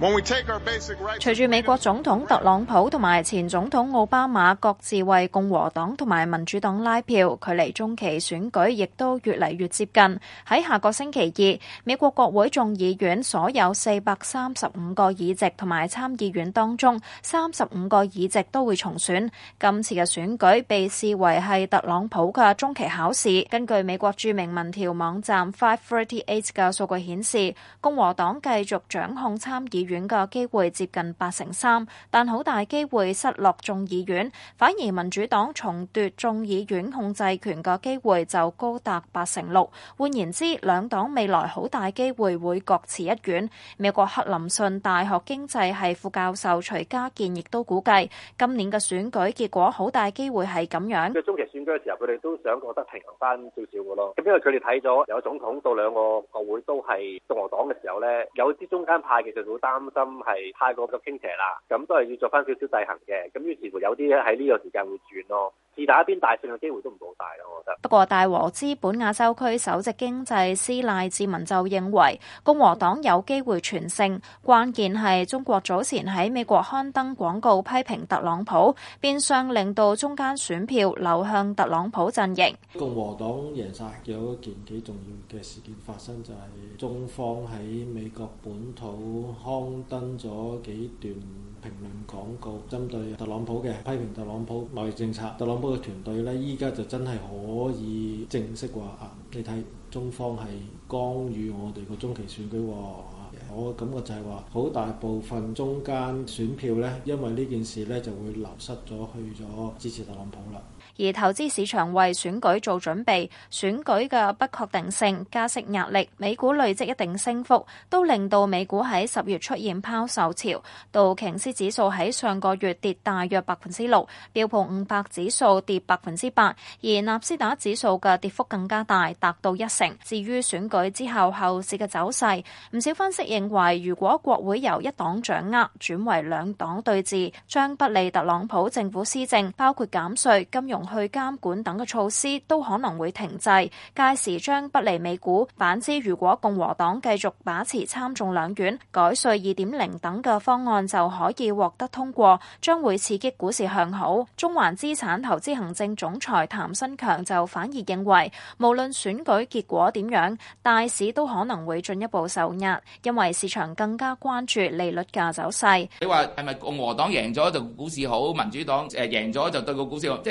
隨住美國總統特朗普同埋前總統奧巴馬各自為共和黨同埋民主黨拉票，距離中期選舉亦都越嚟越接近。喺下個星期二，美國國會眾議院所有435個議席同埋參議院當中，35個議席都會重選。今次嘅選舉被視為係特朗普嘅中期考試。根據美國著名民調網站 FiveThirtyEight 嘅數據顯示，共和黨繼續掌控參議院。院嘅機會接近八成三，但好大機會失落眾議院，反而民主黨重奪眾議院控制權嘅機會就高達八成六。換言之，兩黨未來好大機會會各持一院。美國克林信大學經濟系副教授徐家健亦都估計，今年嘅選舉結果好大機會係咁樣。選舉時候，佢哋都想覺得平衡翻少少嘅咯。咁因為佢哋睇咗由總統到兩個國會都係共和黨嘅時候咧，有啲中間派其實好擔心係太過咁傾斜啦。咁都係要做翻少少制衡嘅。咁於是乎，有啲喺呢個時間會轉咯。二打一邊大勝嘅機會都唔好大咯，我覺得。不過大和資本亞洲區首席經濟師賴志文就認為共和黨有機會全勝，關鍵係中國早前喺美國刊登廣告批評特朗普，變相令到中間選票流向特朗普陣營。共和黨贏曬，有一件幾重要嘅事件發生，就係中方喺美國本土刊登咗幾段評論廣告，針對特朗普嘅批評特朗普貿易政策，特朗普。這個團隊呢，依家就真係可以正式話啊！你睇中方係干預我哋個中期選舉喎，啊，我感覺就係話好大部分中間選票呢，因為呢件事呢，就會流失咗去咗支持特朗普啦。而投資市場為選舉做準備，選舉嘅不確定性、加息壓力，美股累積一定升幅，都令到美股喺十月出現拋售潮，道瓊斯指數喺上個月跌大約百分之六，標普五百指數跌百分之八，而納斯達指數嘅跌幅更加大，達到一成。至於選舉之後後市嘅走勢，唔少分析認為，如果國會由一黨掌握轉為兩黨對峙，將不利特朗普政府施政，包括減稅、金融。去監管等嘅措施都可能會停滯，屆時將不利美股。反之，如果共和黨繼續把持參眾兩院，改稅二點零等嘅方案就可以獲得通過，將會刺激股市向好。中環資產投資行政總裁譚新強就反而認為無論選舉結果點樣，大市都可能會進一步受壓，因為市場更加關注利率價走勢，你話，係咪共和黨贏咗就股市好，民主黨誒贏咗就對個股市好，即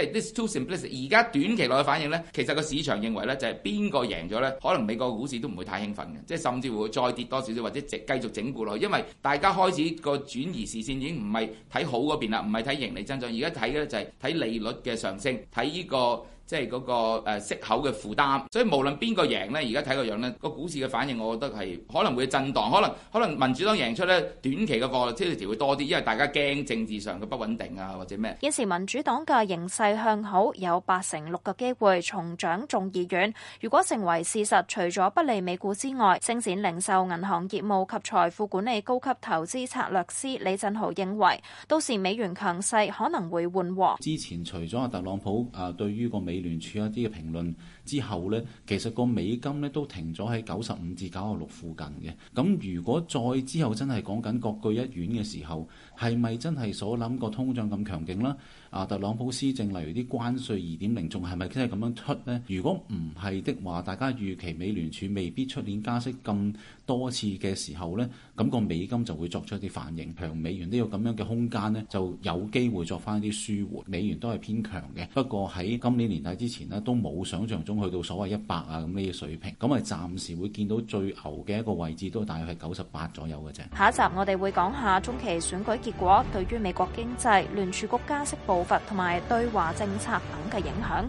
而家短期內嘅反應呢，其實個市場認為呢，就係邊個贏咗呢？可能美國股市都唔會太興奮嘅，即係甚至會再跌多少少，或者直繼續整固落去。因為大家開始個轉移視線已經唔係睇好嗰邊啦，唔係睇盈利增長，而家睇嘅就係睇利率嘅上升，睇呢個。即係嗰個誒息口嘅負擔，所以無論邊個贏呢，而家睇個樣呢，個股市嘅反應，我覺得係可能會震盪，可能可能民主黨贏出呢，短期嘅個交易條會多啲，因為大家驚政治上嘅不穩定啊，或者咩？現時民主黨嘅形勢向好，有八成六嘅機會重掌眾議院。如果成為事實，除咗不利美股之外，星展零售銀行業務及財富管理高級投資策略師李振豪認為，到時美元強勢可能會緩和。之前除咗阿特朗普誒對於個美美聯儲一啲嘅評論之後呢，其實個美金呢都停咗喺九十五至九十六附近嘅。咁如果再之後真係講緊各據一院嘅時候，係咪真係所諗個通脹咁強勁啦？啊，特朗普施政例如啲關稅二點零，仲係咪真係咁樣出呢？如果唔係的話，大家預期美聯儲未必出年加息咁。多次嘅時候呢，咁個美金就會作出一啲反應，強美元都有咁樣嘅空間呢就有機會作翻啲舒緩，美元都係偏強嘅。不過喺今年年底之前呢都冇想象中去到所謂一百啊咁呢啲水平。咁啊，暫時會見到最牛嘅一個位置都大概係九十八左右嘅啫。下一集我哋會講下中期選舉結果對於美國經濟、聯儲局加息步伐同埋對華政策等嘅影響。